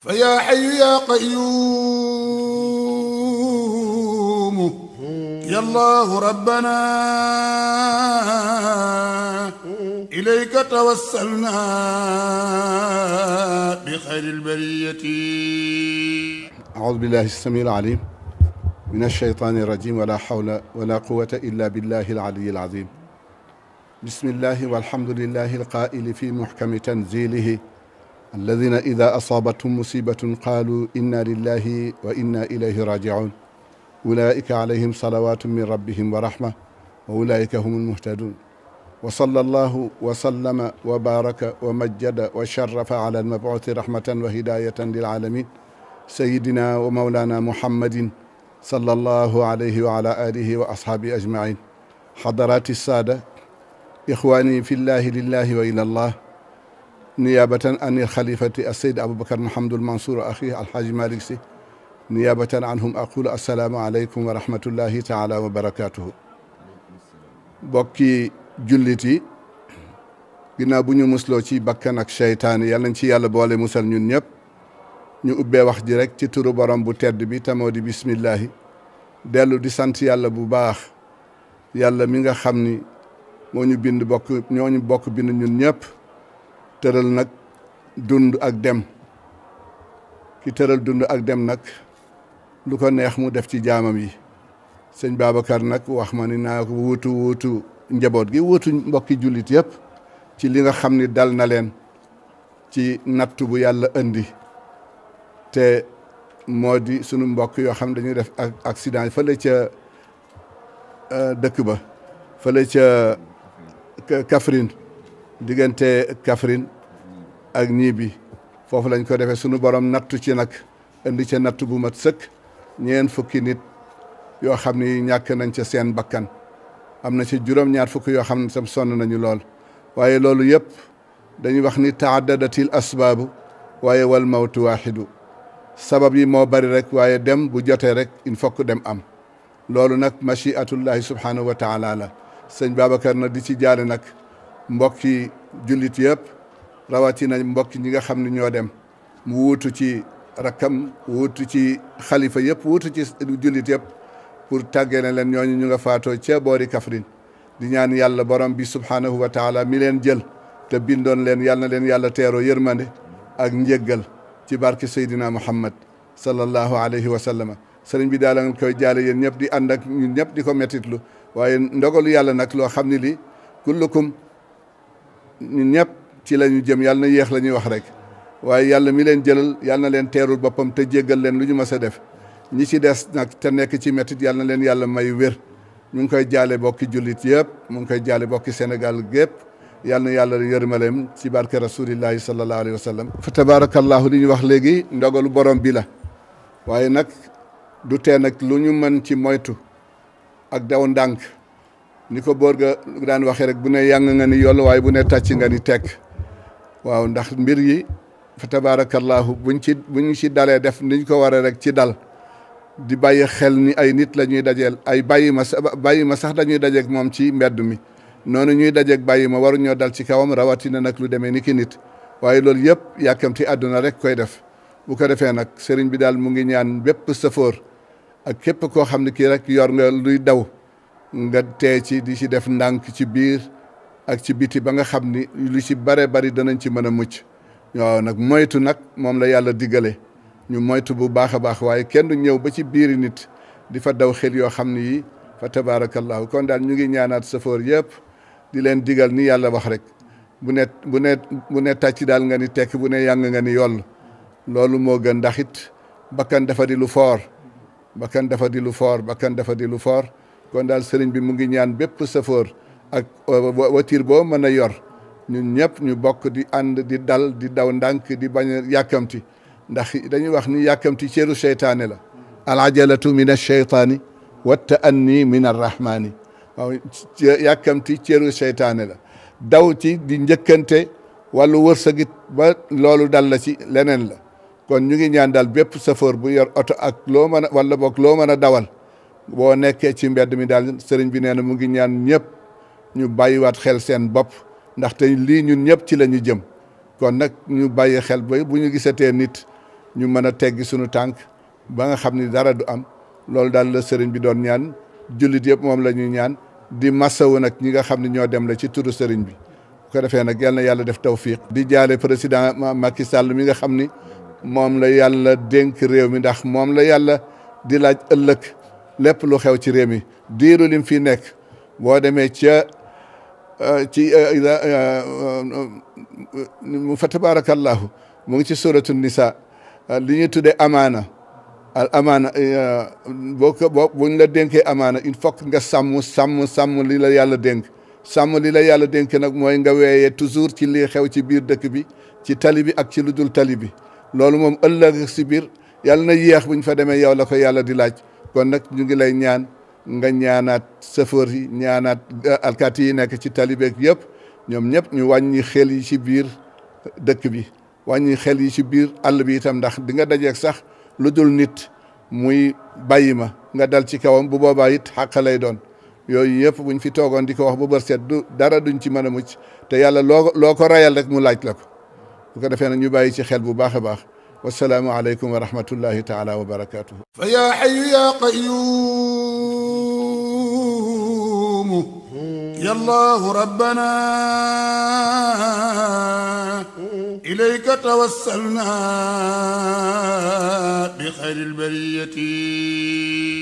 فيا حي يا قيوم يا الله ربنا إليك توسلنا بخير البرية أعوذ بالله السميع العليم من الشيطان الرجيم ولا حول ولا قوة إلا بالله العلي العظيم بسم الله والحمد لله القائل في محكم تنزيله الذين إذا أصابتهم مصيبة قالوا إنا لله وإنا إليه راجعون أولئك عليهم صلوات من ربهم ورحمة وأولئك هم المهتدون وصلى الله وسلم وبارك ومجد وشرف على المبعوث رحمة وهداية للعالمين سيدنا ومولانا محمد صلى الله عليه وعلى آله وأصحابه أجمعين حضرات السادة إخواني في الله لله وإلى الله نيابة عن الخليفة السيد أبو بكر محمد المنصور أخيه الحاج مالك سي نيابة عنهم أقول السلام عليكم ورحمة الله تعالى وبركاته bokki jullit yi ginnaaw bu ñu musloo ci bakkan ak seytaan yal nañ ci yàlla boole musal ñun ñëpp ñu ubbee wax ji rek ci turu borom bu tedd bi tamoo di bismillahi dellu di sant yàlla bu baax yàlla mi nga xam ni moo ñu bind bokk ñoo ñu bokk bind ñun ñëpp tëral nak dund ak dem ki tëral dund ak dem nak lu ko neex mu def ci jaamam yi sëñ babakar nak wax ma ni naa ko wutu wutu njabot gi wutu mbokki julit yep ci li nga xamni dal na len ci nattu bu yàlla andi te modi sunu mbokk yo xam dañuy def accident fële ca dëkk ba fële ca Kaffrine diggante kafrin ak ñibi fofu lañ ko défé sunu borom nattu ci nak indi ci nattu bu mat sëkk ñeen fukki nit yo xamni ñak nañ ci seen bakkan amna ci juróom-ñaar fukki yo xamni sam son nañu lool waye loolu yëpp dañuy wax ni ta'addadatil asbab waye wal maut wahidu sabab yi mo bari rek waye dem bu jotee rek in fokk dem am loolu nak machiatullahi subhanahu wa taala la sëñ babakar na di ci jaale nak mbokki julit jullit rawati na mbokki ñi nga xamni ne ñoo dem mu wuutu ci rakam wuutu ci khalifa yëpp wuutu ci julit yëpp pour tagene len ñoo ñu nga faato ci boori kafrin di ñaan yàlla borom bi subhanahu wa taala mi len jël te bindon len yàlla len yàlla tero yërmande ak njegal ci barke sayidina Muhammad sallallahu alayhi wa sallam serigne bi daal nga koy jaale yéen ñep di ànd ak ñun ñep di ko metitlu waye ndogalu yàlla nak lo xamni li lii kullukum ñun ñëpp ci la ñu jëm yàlla na yéex la ñuy wax rek waaye yàlla mi leen jëlal yal na leen teerul boppam te jéggal leen lu ñu mës a def ñi ci des nag te nekk ci métit yal na leen yàlla may wér ñu ngi koy jaale bokki jullit yëpp mu ngi koy jaale bokki senegal gépp yàlla na yàlla yërmaleem ci barke rasulillahi sallallahu alayhi wa sallam fa tabarakallahu li ñu wax léegi ndogalu borom bi la waaye nag du tee nag lu ñu mën ci moytu ak daw ndànk Niko Borga ga dan waxe rek bu ne yang nga ni yoll way bu ne tàcc nga ni tek waaw ndax mbir yi fa tabarakallah buñ ci buñ ci dalé def niñ ko waree rek ci dal di baye xel ni ay nit lañuy dajel ay baye ma baye ma sax dañuy bayi mom ci mbeddu mi nonu ñuy ak baye ma ñoo dal ci kawam rawatina nak lu démé ni ki nit waaye loolu yëpp yàkkamti aduna rek koy def bu ko défé nak sëriñ bi dal mu ngi ñaan ak képp ko xamni ki rek yor nga luy daw nga tee ci di ci def ndànk ci biir ak ci biti ba nga xam ni lu ci bare bari danañ ci mën a mucc waaw nag moytu nag moom la yàlla diggale ñu moytu bu baax a baax waaye kenn du ñëw ba ci biiri nit di fa daw xel yoo xam ni yi fa tabaarakallaahu kon daal ñu ngi ñaanaat safoor yëpp di leen digal ni yàlla wax rek bu ne bu ne bu ne daal nga ni tekk bu ne yàng nga ni yoll loolu moo gën ndax it bakkan dafa di lu foor bakkan dafa di lu foor bakkan dafa di lu foor kon daal sëriñ bi mu ngi ñaan bépp safoor ak voiture euh, boo mën a yor ñu ñëpp ñu bokk di ànd di dal di daw ndànk di bañ a yàkkamti ndax dañuy wax ni yàkkamti ceeru seytaane la alajalatu min alcheytaani wa taanni min arrahmaani waaw yàkkamti ceeru seytaane la daw ci di njëkkante wàllu wërsëgit ba loolu dal la ci leneen la kon ñu ngi ñaan daal bépp safoor bu yor oto ak loo mën a wala boog loo mën a dawal boo nekkee ci mbedd mi daal sëriñ bi nee na mu ngi ñaan ñëpp ñu bàyyiwaat xel seen bopp ndax ndaxte lii ñun ñëpp ci la jëm kon nag ñu bàyyi xel ba bu ñu gisatee nit ñu mën a teggi suñu tànk ba nga xam ni dara du am loolu daal la sëriñ bi doon ñaan jullit yëpp moom la ñuy ñaan di masawu nag ñi nga xam ne ñoo dem la ci turu sëriñ bi ko defee nag yal yàlla def tawfiq di jaale président Macky Sall mi nga xam ni moom la yàlla dénk réew mi ndax moom la yàlla di laaj ëllëg lépp lu xew ci réew mi diiru lim fi nekk boo demee ca euh, ci euh, euh, fa tabarakallahu mu ngi ci suratu nisa li ñuy tuddee amaana al amaana boo ko boo buñ la denkee amaana il faut nga sàmm sàmm sàmm li la yàlla dénk sàmm li la yàlla dénk nag mooy nga weeyee toujours ci lii xew ci biir dëkk bi ci tali bi ak ci lu dul tali bi loolu moom ëllëg si biir yàlla na yéex buñ fa demee yow la ko yàlla di laaj kon nag ñu ngi lay ñaan nga ñaanaat chauffeur yi ñaanaat euh, alkaati yi nekk ci talibeeg yëpp ñoom ñëpp ñu wàññi xel yi ci biir dëkk bi wàññi xel yi ci biir àll bi itam ndax di nga dajeeg sax lu dul nit muy bàyyi ma nga dal ci kawam bu boobaa it xàq lay doon yooyu yëpp buñ fi toogoon di ko wax bu bër seet du dara duñ ci mën a mucc te yàlla loo loo ko rayal rek mu laaj la ko bu defee nag ñu bàyyi ci xel bu baax a baax والسلام عليكم ورحمة الله تعالى وبركاته فيا حي يا قيوم يا الله ربنا إليك توسلنا بخير البرية